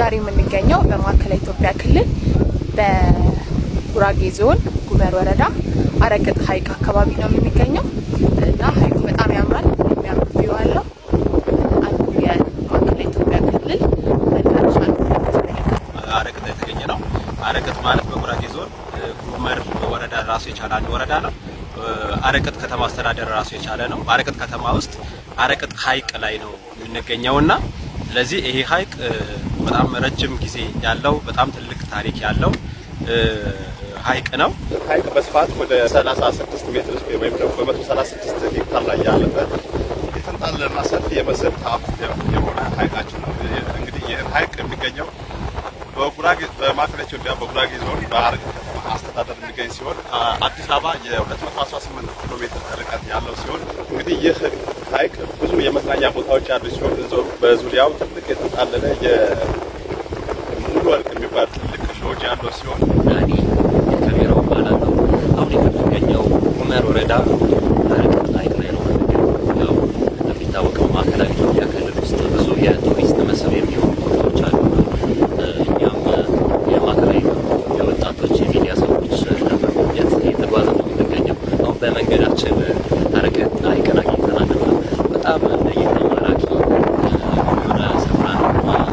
ዛሬ የምንገኘው በማዕከላዊ ኢትዮጵያ ክልል በጉራጌ ዞን ጉመር ወረዳ አረቅጥ ሐይቅ አካባቢ ነው የምንገኘው እና ሐይቁ በጣም ያምራል። የሚያምር ቪው አለው። አንዱ የማዕከላዊ ኢትዮጵያ ክልል መዳረሻ ነው። አረቅጥ የተገኘ ነው። አረቅጥ ማለት በጉራጌ ዞን ጉመር ወረዳ ራሱ የቻለ አንድ ወረዳ ነው። አረቅጥ ከተማ አስተዳደር ራሱ የቻለ ነው። አረቅጥ ከተማ ውስጥ አረቅጥ ሐይቅ ላይ ነው የምንገኘው እና ስለዚህ ይሄ ሐይቅ በጣም ረጅም ጊዜ ያለው በጣም ትልቅ ታሪክ ያለው ሀይቅ ነው። ሀይቅ በስፋት ወደ 36 ሜትር ስ ወይም ደግሞ በ136 ሄክታር ላይ ያለፈ የተንጣለና ሰፊ የመስህብ ሀብት የሆነ ሀይቃችን ነው። እንግዲህ ይህ ሀይቅ የሚገኘው በጉራጌ በማዕከላዊ ኢትዮጵያ በጉራጌ ዞን በሀረር ከተማ አስተዳደር የሚገኝ ሲሆን አዲስ አበባ የ218 ኪሎ ሜትር ርቀት ያለው ሲሆን እንግዲህ ይህ ሐይቅ ብዙ የመዝናኛ ቦታዎች ያሉ ሲሆን በዙሪያው ትልቅ የተጣለለ የሙሉ ወርቅ የሚባል ትልቅ ሾዎች ያለው ሲሆን ዳኒ ከሜራው አሁን የምንገኘው ሁመር ወረዳ ሐይቅ ሐይቅ ላይ ነው። ያው እንደሚታወቀው ማዕከላዊ ኢትዮጵያ ክልል ውስጥ ብዙ የቱሪስት መስህብ የሚሆኑ ቦታዎች አሉ። እኛም የማዕከላዊ የወጣቶች የሚዲያ ሰዎች ለመጎብኘት ነው የምንገኘው አሁን በመንገዳችን